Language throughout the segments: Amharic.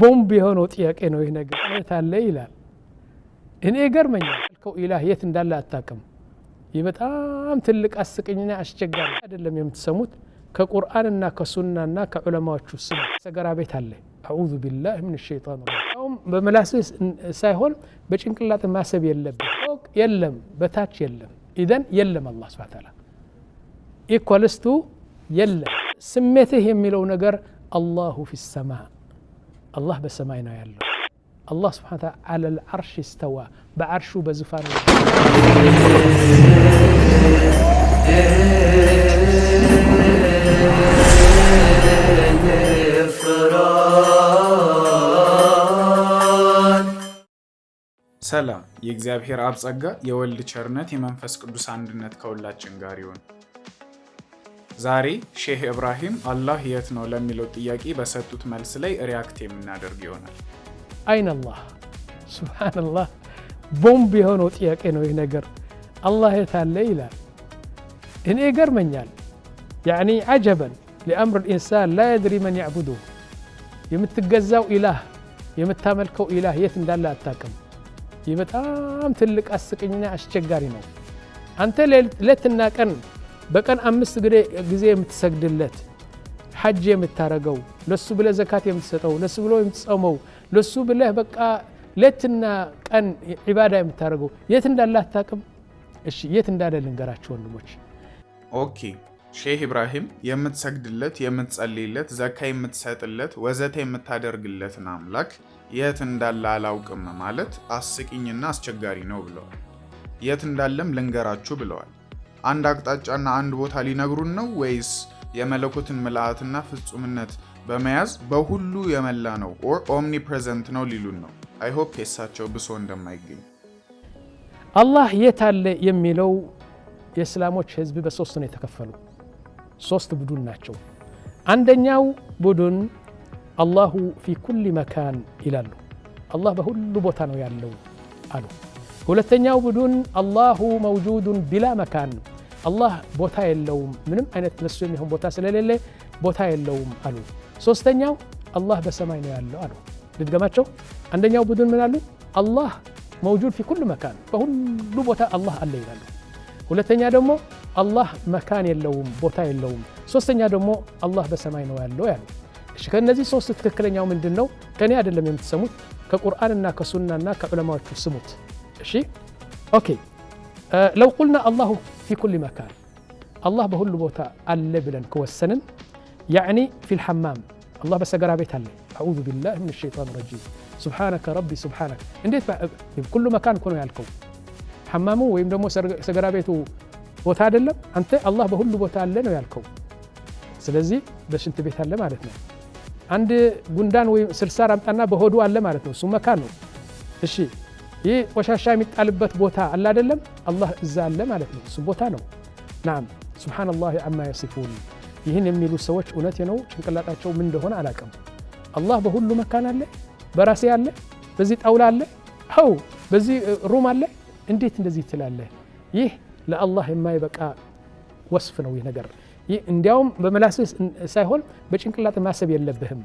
بومبي يهونو تياك إنو هنا قلت هالله إلال إن إيه قرمني كو إله يتن دالا أتاكم يبت آم تلك أسك إننا أشجر هذا لم يمتسموت كقرآن النا كسنة النا كعلماء تشوسنا سقرا بيت هالله أعوذ بالله من الشيطان الله الرجيم بملاسس سايهون بشنك الله ما سبي اوك يلم بتاتش يلم اذا يلم الله سبحانه وتعالى إيكوالستو يلم سميته يميلو نقر الله في السماء አላህ በሰማይ ነው ያለው። አላህ ስብሓነ ተዓላ አለል አርሽ እስተዋ በአርሹ በዙፋን ሰላም የእግዚአብሔር አብ ጸጋ፣ የወልድ ቸርነት፣ የመንፈስ ቅዱስ አንድነት ከሁላችን ጋር ይሆን። ዛሬ ሼህ ኢብራሂም አላህ የት ነው ለሚለው ጥያቄ በሰጡት መልስ ላይ ሪያክት የምናደርግ ይሆናል። አይን አላህ ሱብሓነላህ፣ ቦምብ የሆነው ጥያቄ ነው ይህ ነገር። አላህ የት አለ ይላል። እኔ ይገርመኛል። ያኒ አጀበን ሊአምር ልኢንሳን ላ የድሪ መን ያዕቡዱ። የምትገዛው ኢላህ የምታመልከው ኢላህ የት እንዳለ አታቅም። ይህ በጣም ትልቅ አስቅኝና አስቸጋሪ ነው። አንተ ሌትና ቀን በቀን አምስት ጊዜ የምትሰግድለት ሐጅ የምታረገው ለሱ ብለህ ዘካት የምትሰጠው ለሱ ብሎ የምትጸመው ለሱ ብለህ በቃ ሌትና ቀን ዒባዳ የምታደረገው የት እንዳለ አታቅም። እሺ የት እንዳለ ልንገራችሁ ወንድሞች። ኦኬ ሼህ ኢብራሂም የምትሰግድለት፣ የምትጸልይለት፣ ዘካ የምትሰጥለት፣ ወዘተ የምታደርግለትን አምላክ የት እንዳለ አላውቅም ማለት አስቂኝና አስቸጋሪ ነው ብለዋል። የት እንዳለም ልንገራችሁ ብለዋል። አንድ አቅጣጫና አንድ ቦታ ሊነግሩን ነው ወይስ የመለኮትን ምልአትና ፍጹምነት በመያዝ በሁሉ የመላ ነው ኦር ኦምኒ ፕሬዘንት ነው ሊሉን ነው? አይሆፕ የሳቸው ብሶ እንደማይገኝ አላህ የት አለ የሚለው የእስላሞች ህዝብ በሶስት ነው የተከፈሉ። ሶስት ቡድን ናቸው። አንደኛው ቡድን አላሁ ፊ ኩል መካን ይላሉ። አላህ በሁሉ ቦታ ነው ያለው አሉ። ሁለተኛው ቡድን አላሁ መውጁዱን ቢላ መካን ነው። አላህ ቦታ የለውም፣ ምንም አይነት ለሱ የሚሆን ቦታ ስለሌለ ቦታ የለውም አሉ። ሶስተኛው አላህ በሰማይ ነው ያለው አሉ። ልድገማቸው። አንደኛው ቡድን ምን አሉ? አላህ መውጁድ ፊ ኩል መካን፣ በሁሉ ቦታ አላህ አለ ይላሉ። ሁለተኛ ደግሞ አላህ መካን የለውም፣ ቦታ የለውም። ሶስተኛ ደግሞ አላህ በሰማይ ነው ያለው ያሉ። እሺ ከእነዚህ ሶስት ትክክለኛው ምንድን ነው? ከእኔ አይደለም የምትሰሙት كقرآن النا كسنة النا كعلماء السموت شيء أوكي أه لو قلنا الله في كل مكان الله بهول لبوتا اللبلن كو السنن يعني في الحمام الله بس أقرأ بيت هلي أعوذ بالله من الشيطان الرجيم سبحانك ربي سبحانك عندي في كل مكان كونوا يالكو حمامه ويمدو مو سقرا بيتو بوتا أنت الله بهول لبوتا اللبلن يالكو سلزي باش انت بيت هلي معرفنا አንድ ጉንዳን ወይም ስልሳር አምጣና በሆዱ አለ ማለት ነው። እሱ መካን ነው። እሺ ይህ ቆሻሻ የሚጣልበት ቦታ አለ አይደለም? አላህ እዛ አለ ማለት ነው። እሱ ቦታ ነው። ናም ሱብሓነላህ አማ የሲፉን። ይህን የሚሉ ሰዎች እውነት ነው ጭንቅላጣቸው ምን እንደሆነ አላቅም። አላህ በሁሉ መካን አለ። በራሴ አለ፣ በዚህ ጣውላ አለ፣ አው በዚህ ሩም አለ። እንዴት እንደዚህ ትላለህ? ይህ ለአላህ የማይበቃ ወስፍ ነው ይህ ነገር እንዲያውም በመላስስ ሳይሆን በጭንቅላት ማሰብ የለብህም።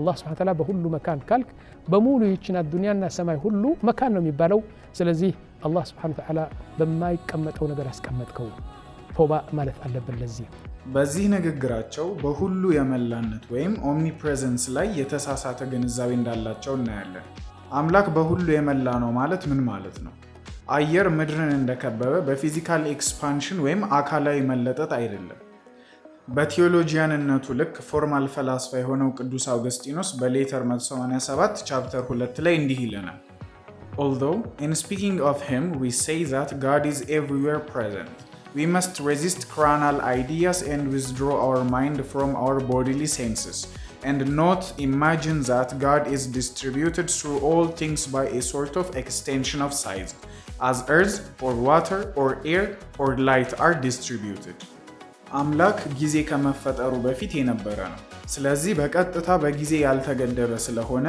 አላህ ስብሐነ ተዓላ በሁሉ መካን ካልክ በሙሉ ይችን አዱንያና ሰማይ ሁሉ መካን ነው የሚባለው። ስለዚህ አላህ ስብሐነ ተዓላ በማይቀመጠው ነገር አስቀመጥከው። ቶባ ማለት አለብን ለዚህ። በዚህ ንግግራቸው በሁሉ የመላነት ወይም ኦምኒፕሬዘንስ ላይ የተሳሳተ ግንዛቤ እንዳላቸው እናያለን። አምላክ በሁሉ የመላ ነው ማለት ምን ማለት ነው? አየር ምድርን እንደከበበ በፊዚካል ኤክስፓንሽን ወይም አካላዊ መለጠጥ አይደለም። በቴዎሎጂያንነቱ ልክ ፎርማል ፈላስፋ የሆነው ቅዱስ አውገስጢኖስ በሌተር 187 ቻፕተር 2 ላይ እንዲህ ይለናል፣ although in speaking of him we say that God is everywhere present we must resist carnal ideas and withdraw our mind from our bodily senses and not imagine that God is distributed through all things by a sort of extension of size as earth or water or air or light are distributed አምላክ ጊዜ ከመፈጠሩ በፊት የነበረ ነው። ስለዚህ በቀጥታ በጊዜ ያልተገደበ ስለሆነ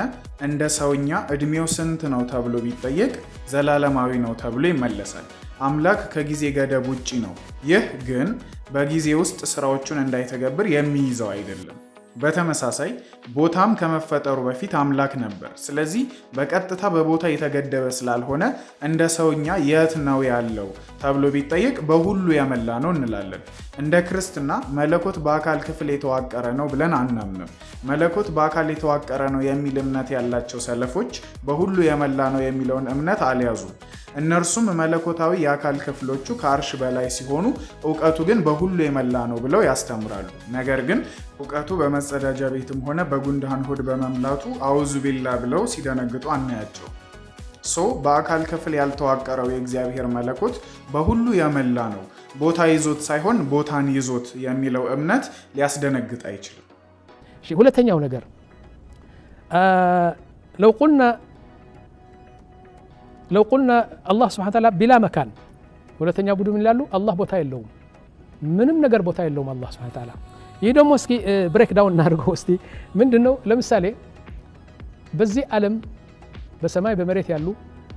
እንደ ሰውኛ እድሜው ስንት ነው ተብሎ ቢጠየቅ ዘላለማዊ ነው ተብሎ ይመለሳል። አምላክ ከጊዜ ገደብ ውጪ ነው። ይህ ግን በጊዜ ውስጥ ስራዎቹን እንዳይተገብር የሚይዘው አይደለም። በተመሳሳይ ቦታም ከመፈጠሩ በፊት አምላክ ነበር። ስለዚህ በቀጥታ በቦታ የተገደበ ስላልሆነ እንደ ሰውኛ የት ነው ያለው ተብሎ ቢጠየቅ በሁሉ የመላ ነው እንላለን። እንደ ክርስትና መለኮት በአካል ክፍል የተዋቀረ ነው ብለን አናምንም። መለኮት በአካል የተዋቀረ ነው የሚል እምነት ያላቸው ሰለፎች በሁሉ የመላ ነው የሚለውን እምነት አልያዙም። እነርሱም መለኮታዊ የአካል ክፍሎቹ ከአርሽ በላይ ሲሆኑ እውቀቱ ግን በሁሉ የመላ ነው ብለው ያስተምራሉ። ነገር ግን እውቀቱ በመጸዳጃ ቤትም ሆነ በጉንዳን ሆድ በመምላቱ አውዙ ቢላ ብለው ሲደነግጡ አናያቸው። ሶ በአካል ክፍል ያልተዋቀረው የእግዚአብሔር መለኮት በሁሉ የመላ ነው፣ ቦታ ይዞት ሳይሆን ቦታን ይዞት የሚለው እምነት ሊያስደነግጥ አይችልም። ሁለተኛው ነገር ለው ቁልና ለው ቁልና አላህ ስብሐነ ተዓላ ቢላ መካን፣ ሁለተኛ ቡድን ይላሉ አላህ ቦታ የለውም፣ ምንም ነገር ቦታ የለውም አላህ ስብሐነ ተዓላ ይህ ደግሞ እስኪ ብሬክ ዳውን እናድርገው እስቲ ምንድን ነው ለምሳሌ በዚህ ዓለም በሰማይ በመሬት ያሉ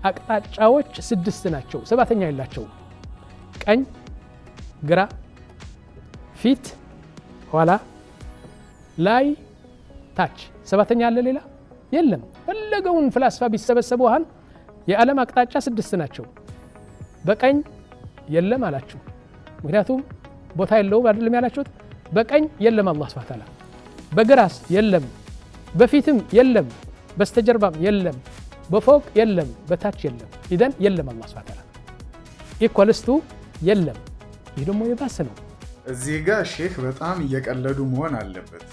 አቅጣጫዎች ስድስት ናቸው። ሰባተኛ የላቸው። ቀኝ፣ ግራ፣ ፊት፣ ኋላ፣ ላይ፣ ታች። ሰባተኛ አለ ሌላ የለም። ፈለገውን ፍላስፋ ቢሰበሰቡ ውሃን የዓለም አቅጣጫ ስድስት ናቸው። በቀኝ የለም አላችሁ፣ ምክንያቱም ቦታ የለውም አይደለም ያላችሁት በቀኝ የለም አላህ ስብሐ ተዓላ በግራስ የለም፣ በፊትም የለም፣ በስተጀርባም የለም፣ በፎቅ የለም፣ በታች የለም። ኢደን የለም አላህ ስብሐ ተዓላ ኢኳልስቱ የለም። ይህ ደግሞ የባሰ ነው። እዚህ ጋር ሼክ በጣም እየቀለዱ መሆን አለበት።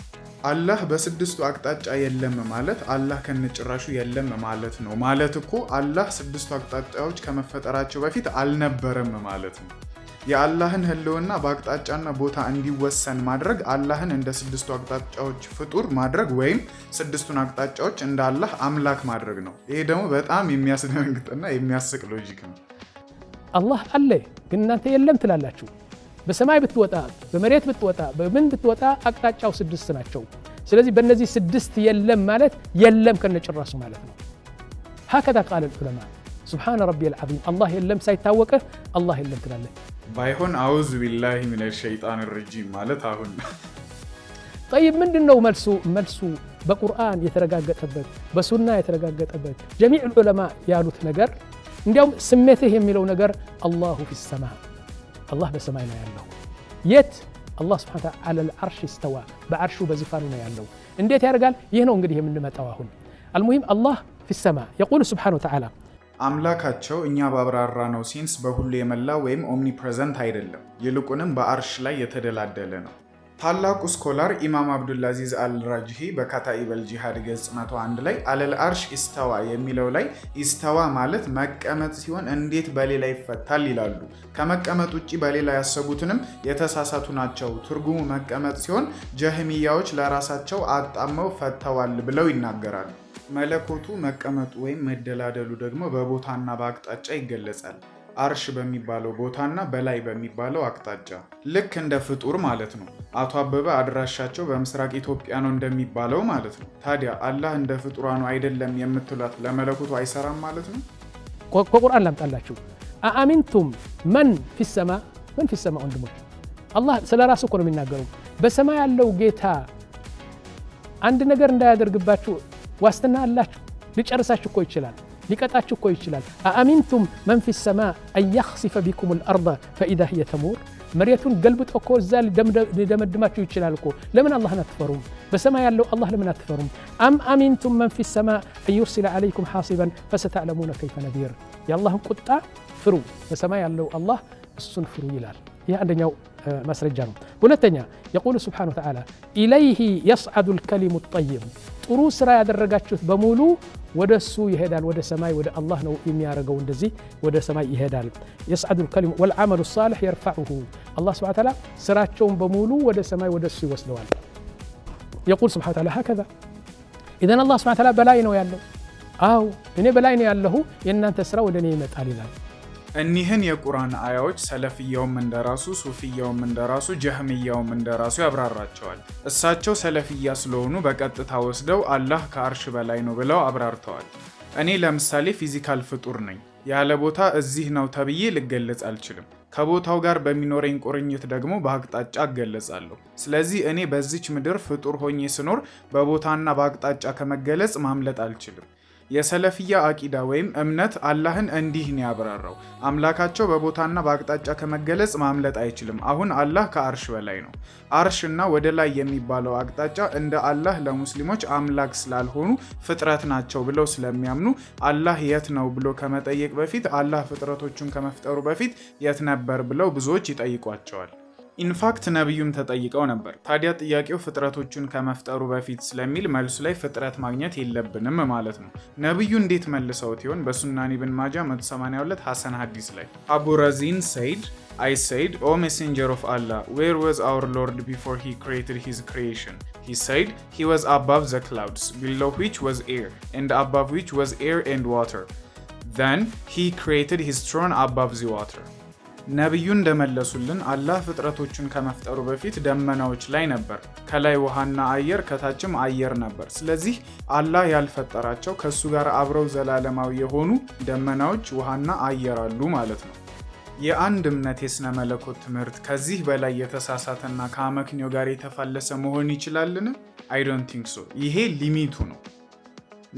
አላህ በስድስቱ አቅጣጫ የለም ማለት አላህ ከነጭራሹ የለም ማለት ነው። ማለት እኮ አላህ ስድስቱ አቅጣጫዎች ከመፈጠራቸው በፊት አልነበረም ማለት ነው። የአላህን ህልውና በአቅጣጫና ቦታ እንዲወሰን ማድረግ አላህን እንደ ስድስቱ አቅጣጫዎች ፍጡር ማድረግ ወይም ስድስቱን አቅጣጫዎች እንደ አላህ አምላክ ማድረግ ነው። ይሄ ደግሞ በጣም የሚያስደንግጥና የሚያስቅ ሎጂክ ነው። አላህ አለ ግን እናንተ የለም ትላላችሁ። በሰማይ ብትወጣ፣ በመሬት ብትወጣ፣ በምን ብትወጣ አቅጣጫው ስድስት ናቸው። ስለዚህ በእነዚህ ስድስት የለም ማለት የለም ከነጭራሱ ማለት ነው። ሀከዛ ቃል ዑለማ ሱብሓነ ረቢየል ዓዚም አላህ የለም ሳይታወቀ አላህ የለም ትላለህ። ባይሆን አዑዙ ቢላሂ ሚነ ሸይጣን ረጂም ማለት አሁን ጠይብ፣ ምንድን ነው መልሱ? መልሱ በቁርአን የተረጋገጠበት በሱና የተረጋገጠበት ጀሚዕ ዑለማ ያሉት ነገር እንዲያውም ስሜትህ የሚለው ነገር አላሁ ፊ ሰማ አላህ በሰማይ ነው ያለው። የት አላህ ስብሐነ ተዓላ አለል ስተዋ በአርሹ በዙፋኑ ነው ያለው። እንዴት ያደርጋል? ይህ ነው እንግዲህ የምንመጣው አሁን አልሙሂም አላህ ፊ ሰማ የቁሉ ስብሐነ ተዓላ አምላካቸው እኛ ባብራራ ነው ሴንስ በሁሉ የመላ ወይም ኦምኒፕሬዘንት አይደለም፣ ይልቁንም በአርሽ ላይ የተደላደለ ነው። ታላቁ ስኮላር ኢማም አብዱልአዚዝ አልራጅሂ በካታኢበል ጂሃድ ገጽ አንድ ላይ አለል አርሽ ኢስተዋ የሚለው ላይ ኢስተዋ ማለት መቀመጥ ሲሆን እንዴት በሌላ ይፈታል ይላሉ። ከመቀመጥ ውጭ በሌላ ያሰቡትንም የተሳሳቱ ናቸው። ትርጉሙ መቀመጥ ሲሆን ጀህሚያዎች ለራሳቸው አጣመው ፈተዋል ብለው ይናገራሉ። መለኮቱ መቀመጡ ወይም መደላደሉ ደግሞ በቦታና በአቅጣጫ ይገለጻል። አርሽ በሚባለው ቦታና በላይ በሚባለው አቅጣጫ ልክ እንደ ፍጡር ማለት ነው። አቶ አበበ አድራሻቸው በምስራቅ ኢትዮጵያ ነው እንደሚባለው ማለት ነው። ታዲያ አላህ እንደ ፍጡራኑ አይደለም የምትሏት ለመለኮቱ አይሰራም ማለት ነው። ከቁርአን ላምጣላችሁ። አአሚንቱም መን ፊሰማ መን ፊሰማ ወንድሞች፣ አላህ ስለ ራሱ እኮ ነው የሚናገረው። በሰማይ ያለው ጌታ አንድ ነገር እንዳያደርግባችሁ ዋስትና አላችሁ። ሊጨርሳችሁ እኮ ይችላል። ሊቀጣችሁ እኮ ይችላል። አአሚንቱም መን ፊ ሰማ አን የኽሲፈ ቢኩም ልአርض ፈኢዛ ህየ ተሙር መሬቱን ገልብጦ እኮ እዛ ሊደመድማችሁ ይችላል እኮ። ለምን አላህን አትፈሩም? በሰማይ ያለው አላህ ለምን አትፈሩም? አም አሚንቱም መን ፊ ሰማ አን ዩርሲለ ዓለይኩም ሓሲበን ፈሰተዕለሙነ ከይፈ ነዚር። የአላህን ቁጣ ፍሩ፣ በሰማይ ያለው አላህ እሱን ፍሩ ይላል። ይህ አንደኛው ማስረጃ ነው። ሁለተኛ የቁሉ ስብሓነ ወተዓላ ኢለይህ የስዓዱ ልከሊሙ ጠይብ ጥሩ ስራ ያደረጋችሁት በሙሉ ወደ እሱ ይሄዳል። ወደ ሰማይ ወደ አላህ ነው የሚያደርገው። እንደዚህ ወደ ሰማይ ይሄዳል። የስዓዱ ልከሊሙ ወልዓመሉ ሳልሕ የርፋዑሁ አላህ ስብሐ ተዓላ ስራቸውን በሙሉ ወደ ሰማይ ወደ እሱ ይወስደዋል። የቁል ስብሐ ተዓላ ሀከዛ ኢዘን አላህ ስብሐ ተዓላ በላይ ነው ያለው። አዎ እኔ በላይ ነው ያለሁ፣ የእናንተ ስራ ወደ እኔ ይመጣል ይላል። እኒህን የቁርአን አያዎች ሰለፍያውም እንደራሱ ሱፍያውም እንደራሱ ጀህምያውም እንደራሱ ያብራራቸዋል። እሳቸው ሰለፍያ ስለሆኑ በቀጥታ ወስደው አላህ ከአርሽ በላይ ነው ብለው አብራርተዋል። እኔ ለምሳሌ ፊዚካል ፍጡር ነኝ። ያለ ቦታ እዚህ ነው ተብዬ ልገለጽ አልችልም። ከቦታው ጋር በሚኖረኝ ቁርኝት ደግሞ በአቅጣጫ እገለጻለሁ። ስለዚህ እኔ በዚች ምድር ፍጡር ሆኜ ስኖር በቦታና በአቅጣጫ ከመገለጽ ማምለጥ አልችልም። የሰለፊያ አቂዳ ወይም እምነት አላህን እንዲህ ነው ያብራራው። አምላካቸው በቦታና በአቅጣጫ ከመገለጽ ማምለጥ አይችልም። አሁን አላህ ከአርሽ በላይ ነው። አርሽ እና ወደ ላይ የሚባለው አቅጣጫ እንደ አላህ ለሙስሊሞች አምላክ ስላልሆኑ ፍጥረት ናቸው ብለው ስለሚያምኑ አላህ የት ነው ብሎ ከመጠየቅ በፊት አላህ ፍጥረቶቹን ከመፍጠሩ በፊት የት ነበር ብለው ብዙዎች ይጠይቋቸዋል። ኢንፋክት ነቢዩም ተጠይቀው ነበር። ታዲያ ጥያቄው ፍጥረቶቹን ከመፍጠሩ በፊት ስለሚል መልሱ ላይ ፍጥረት ማግኘት የለብንም ማለት ነው። ነቢዩ እንዴት መልሰውት ይሆን? በሱናኒ ብን ማጃ 182 ሐሰን ሐዲስ ላይ አቡ ረዚን ሰይድ አይ ሰይድ ኦ ሜሴንጀር ኦፍ አላህ ዌር ወዝ አውር ሎርድ ቢፎር ሂ ክሬትድ ሂዝ ክሬሽን ሂ ሰይድ ሂ ወዝ አባቭ ዘ ክላውድስ ቢሎ ዊች ወዝ ኤር ኤንድ አባቭ ዊች ወዝ ኤር ኤንድ ዋተር ዘን ሂ ክሬትድ ሂዝ ትሮን አባቭ ዚ ዋተር ነቢዩ እንደመለሱልን አላህ ፍጥረቶቹን ከመፍጠሩ በፊት ደመናዎች ላይ ነበር። ከላይ ውሃና አየር፣ ከታችም አየር ነበር። ስለዚህ አላህ ያልፈጠራቸው ከእሱ ጋር አብረው ዘላለማዊ የሆኑ ደመናዎች፣ ውሃና አየር አሉ ማለት ነው። የአንድ እምነት የሥነ መለኮት ትምህርት ከዚህ በላይ የተሳሳተና ከአመክንዮ ጋር የተፋለሰ መሆን ይችላልን? አይ ዶንት ቲንክ ሶ። ይሄ ሊሚቱ ነው።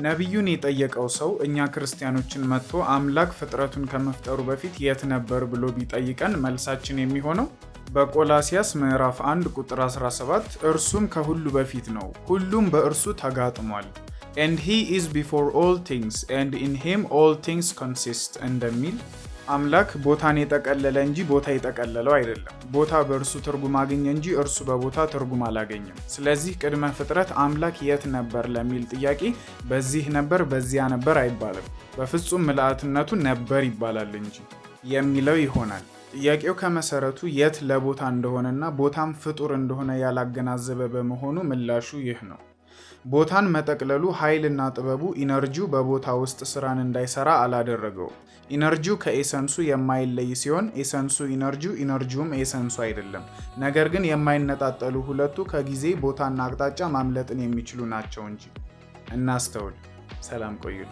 ነቢዩን የጠየቀው ሰው እኛ ክርስቲያኖችን መጥቶ አምላክ ፍጥረቱን ከመፍጠሩ በፊት የት ነበር ብሎ ቢጠይቀን መልሳችን የሚሆነው በቆላሲያስ ምዕራፍ 1 ቁጥር 17 እርሱም ከሁሉ በፊት ነው፣ ሁሉም በእርሱ ተጋጥሟል፣ ኤንድ ሂ ኢዝ ቢፎር ኦል ቲንግስ ኤንድ ኢን ሂም ኦል ቲንግስ ኮንሲስት እንደሚል አምላክ ቦታን የጠቀለለ እንጂ ቦታ የጠቀለለው አይደለም። ቦታ በእርሱ ትርጉም አገኘ እንጂ እርሱ በቦታ ትርጉም አላገኘም። ስለዚህ ቅድመ ፍጥረት አምላክ የት ነበር ለሚል ጥያቄ በዚህ ነበር፣ በዚያ ነበር አይባልም። በፍጹም ምልአትነቱ ነበር ይባላል እንጂ የሚለው ይሆናል። ጥያቄው ከመሰረቱ የት ለቦታ እንደሆነና ቦታም ፍጡር እንደሆነ ያላገናዘበ በመሆኑ ምላሹ ይህ ነው። ቦታን መጠቅለሉ ኃይልና ጥበቡ ኢነርጂው በቦታ ውስጥ ስራን እንዳይሰራ አላደረገው። ኢነርጂው ከኤሰንሱ የማይለይ ሲሆን ኤሰንሱ ኢነርጂው ኢነርጂውም ኤሰንሱ አይደለም። ነገር ግን የማይነጣጠሉ ሁለቱ ከጊዜ ቦታና አቅጣጫ ማምለጥን የሚችሉ ናቸው እንጂ። እናስተውል። ሰላም ቆዩል።